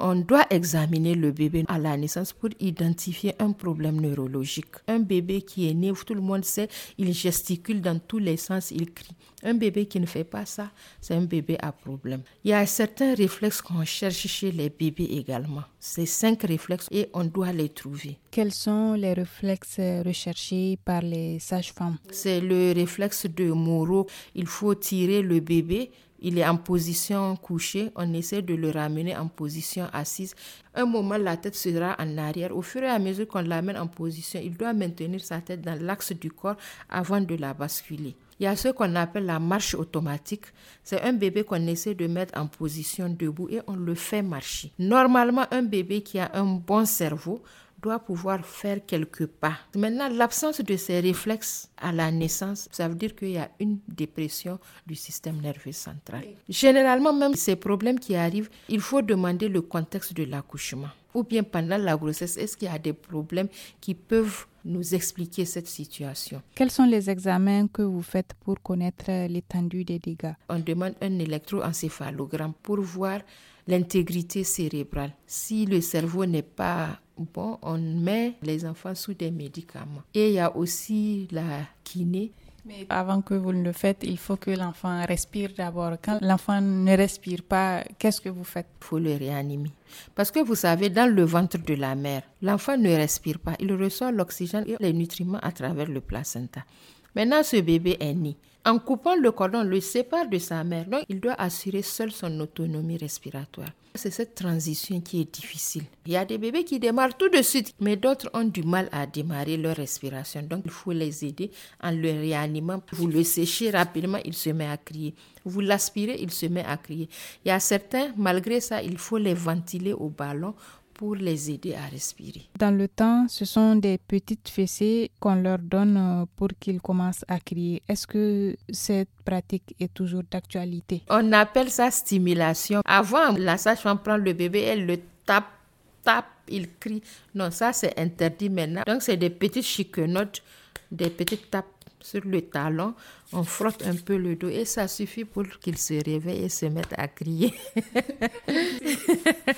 On doit examiner le bébé à la naissance pour identifier un problème neurologique. Un bébé qui est né, tout le monde sait, il gesticule dans tous les sens, il crie. Un bébé qui ne fait pas ça, c'est un bébé à problème. Il y a certains réflexes qu'on cherche chez les bébés également. Ces cinq réflexes et on doit les trouver. Quels sont les réflexes recherchés par les sages-femmes C'est le réflexe de Moreau. Il faut tirer le bébé il est en position couchée, on essaie de le ramener en position assise. Un moment, la tête sera en arrière. Au fur et à mesure qu'on l'amène en position, il doit maintenir sa tête dans l'axe du corps avant de la basculer. Il y a ce qu'on appelle la marche automatique. C'est un bébé qu'on essaie de mettre en position debout et on le fait marcher. Normalement, un bébé qui a un bon cerveau doit pouvoir faire quelques pas. Maintenant, l'absence de ces réflexes à la naissance, ça veut dire qu'il y a une dépression du système nerveux central. Généralement, même ces problèmes qui arrivent, il faut demander le contexte de l'accouchement. Ou bien pendant la grossesse, est-ce qu'il y a des problèmes qui peuvent nous expliquer cette situation. Quels sont les examens que vous faites pour connaître l'étendue des dégâts On demande un électroencéphalogramme pour voir l'intégrité cérébrale. Si le cerveau n'est pas Bon, on met les enfants sous des médicaments. Et il y a aussi la kiné. Mais avant que vous le faites, il faut que l'enfant respire d'abord. Quand l'enfant ne respire pas, qu'est-ce que vous faites Il faut le réanimer. Parce que vous savez, dans le ventre de la mère, l'enfant ne respire pas. Il reçoit l'oxygène et les nutriments à travers le placenta. Maintenant, ce bébé est né. En coupant le cordon, le sépare de sa mère. Donc, il doit assurer seul son autonomie respiratoire. C'est cette transition qui est difficile. Il y a des bébés qui démarrent tout de suite, mais d'autres ont du mal à démarrer leur respiration. Donc, il faut les aider en le réanimant. Vous le séchez rapidement, il se met à crier. Vous l'aspirez, il se met à crier. Il y a certains, malgré ça, il faut les ventiler au ballon pour les aider à respirer. Dans le temps, ce sont des petites fessées qu'on leur donne euh, pour qu'ils commencent à crier. Est-ce que cette pratique est toujours d'actualité On appelle ça stimulation. Avant, la sage-femme prend le bébé, elle le tape, tape, il crie. Non, ça c'est interdit maintenant. Donc c'est des petites chiquenottes, des petites tapes sur le talon, on frotte un peu le dos et ça suffit pour qu'il se réveille et se mette à crier.